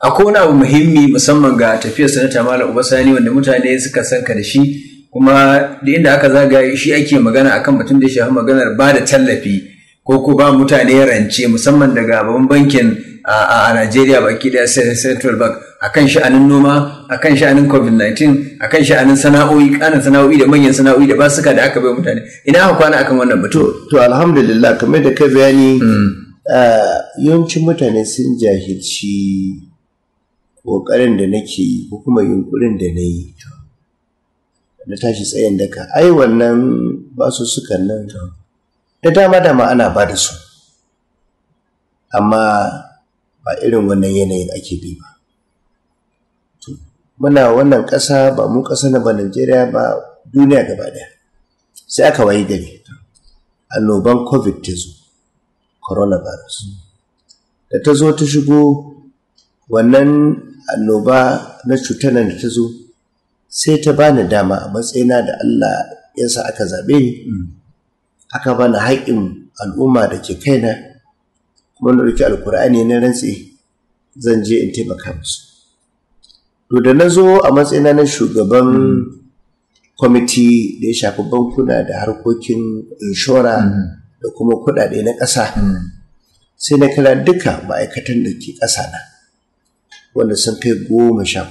akwai wani abu muhimmi musamman ga tafiyar sanata malam uba sani wanda mutane suka san ka da shi kuma da inda aka zagaye shi ake magana akan batun da ya shafi maganar ba da tallafi ko ko ba mutane rance musamman daga babban bankin a Najeriya baki da Central Bank akan sha'anin noma akan sha'anin covid-19 akan sha'anin sana'o'i kanan sana'o'i da manyan sana'o'i da basuka da aka bai mutane ina aka kwana akan wannan batu to alhamdulillah kamar da kai bayani mm. yawancin mutane sun jahilci ƙoƙarin da nake yi ko kuma yunƙurin da na yi na tashi tsayin daka ai wannan su sukan nan da dama dama ana ba da su amma ba irin wannan yanayin ake bi ba muna wannan ƙasa ba mu kasa na ba Najeriya ba duniya gaba ɗaya sai aka wayi gari annoban covid ta zo coronavirus da ta zo ta shigo wannan annoba na cutar nan da ta zo sai ta bani dama a matsayina da Allah ya sa aka zaɓe ni aka bani haƙƙin al'umma da ke kaina kuma na ɗauki alkur'ani na rantse zan je in taimaka musu to da na zo a matsayina na shugaban kwamiti da ya shafi bankuna da harkokin inshora mm. da kuma kuɗaɗe na ƙasa mm. sai na kira duka ma'aikatan da ke ƙasa na wanda sun kai goma sha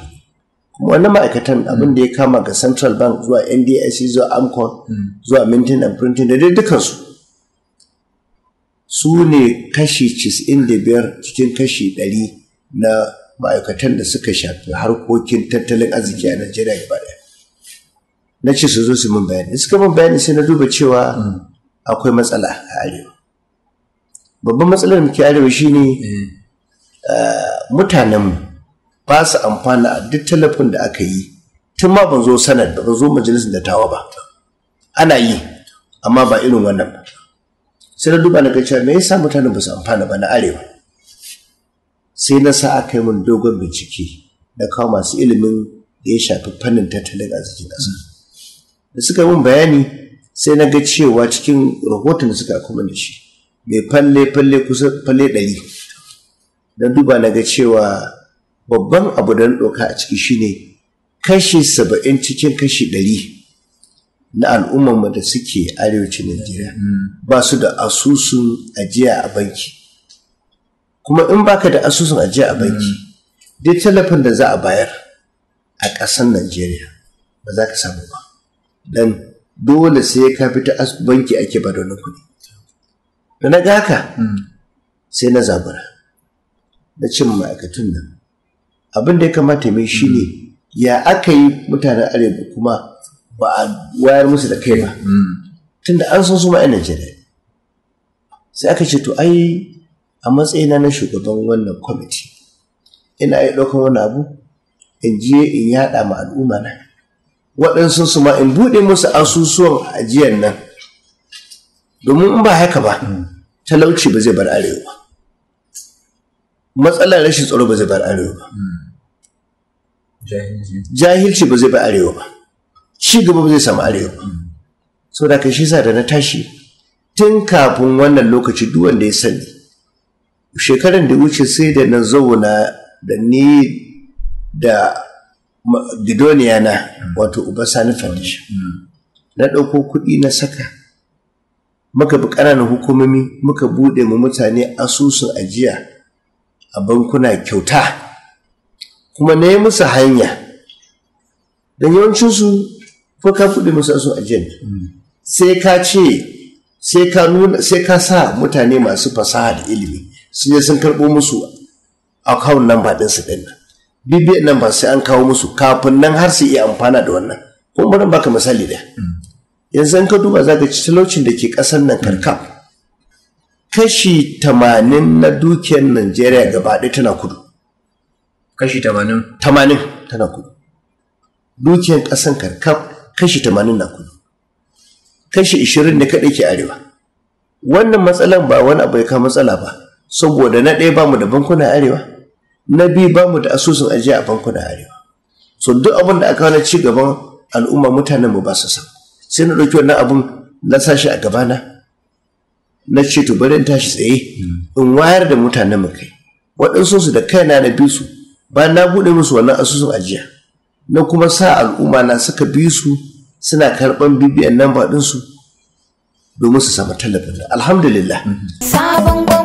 kuma wannan ma'aikatan mm. abin da ya kama ga central bank zuwa ndic zuwa amcon zuwa mintin and printing da dai dukansu su ne kashi 95 cikin kashi 100 na ma'aikatan da suka shafi harkokin tattalin arziki a Najeriya gaba ɗaya. Na ce su zo su min bayani. Suka min bayani sai na duba cewa akwai matsala a arewa. Babban matsalar muke arewa shi ne eh, mutanen ba su amfana a duk talafin da aka yi tun ma ban zo sanad ba ban zo majalisar tawa ba ana yi amma ba irin wannan ba sai na duba na ga cewa me yasa mutanen ba su amfana ba na arewa sai na sa aka yi min dogon bincike na kawo masu ilimin da ya shafi fannin tattalin arzikin sa da suka min bayani sai na ga cewa cikin rahoton da suka kuma da shi mai falle falle kusa falle ɗari Na duba na ga cewa babban abu da na ɗauka a ciki shine kashi saba'in cikin kashi ɗari na al'ummar da suke arewacin Najeriya mm. ba su da asusun ajiya a banki kuma in baka da asusun ajiya a banki hmm. dai tallafin da za a bayar a ƙasar najeriya ba za ka samu ba dan dole sai ka ta banki ake ba da kuɗi da na gaka hmm. sai na zabura na cin ma'aikatun nan abin da ya kamata mai shi ne hmm. ya aka yi mutanen arewa kuma ba a wayar musu da kai ba tunda an san su ma'aikatun najeriya sai aka ce to ai a matsayina na shugaban wannan kwamiti ina yi ɗaukar wani abu in je in yaɗa ma al'umma na waɗansu su ma in buɗe musu asusuwan ajiyar nan domin in ba haka ba hmm. talauci ba zai bar arewa matsalar rashin tsaro ba zai bar arewa ba jahilci ba zai bar arewa ba ci gaba ba zai samu arewa ba hmm. saboda kai shi sa da na tashi tun kafin wannan lokaci duk wanda ya sani shekaran da wuce sai da na zauna da ni da gidoniya na wato uba sani foundation na ɗauko kuɗi na saka muka bi ƙananan hukumomi muka buɗe mu mutane asusun ajiya a bankuna kyauta kuma na yi musu hanya don yawancinsu ko ka buɗe musu asusun ajiya sai ka ce sai ka sa mutane masu fasaha da ilimi sun je sun karɓo musu account number din su din BBN number sai an kawo musu kafin nan har su iya amfana da wannan kun bari baka misali da yanzu an ka duba za ka ci talaucin da ke ƙasar nan karka kashi tamanin na dukiyar Najeriya gaba ɗaya tana kudu kashi tamanin tamanin tana kudu dukiyar ƙasan karka kashi tamanin na kudu kashi ishirin ne kaɗai ke arewa wannan matsalan ba wani abu ya matsala ba saboda na ɗaya bamu da bankuna arewa na biyu bamu da asusun ajiya a bankuna arewa so duk abin da aka wani ci gaban al'umma mutanen mu ba su san sai na ɗauki wannan abin na shi a gabana na ce to bari in tashi tsaye in wayar da mutanen mu kai waɗansu su da kaina na bi su ba na buɗe musu wannan asusun ajiya na kuma sa al'umma na suka bi su suna karɓan bibiyan nan ɗinsu domin su samu tallafin alhamdulillah sabon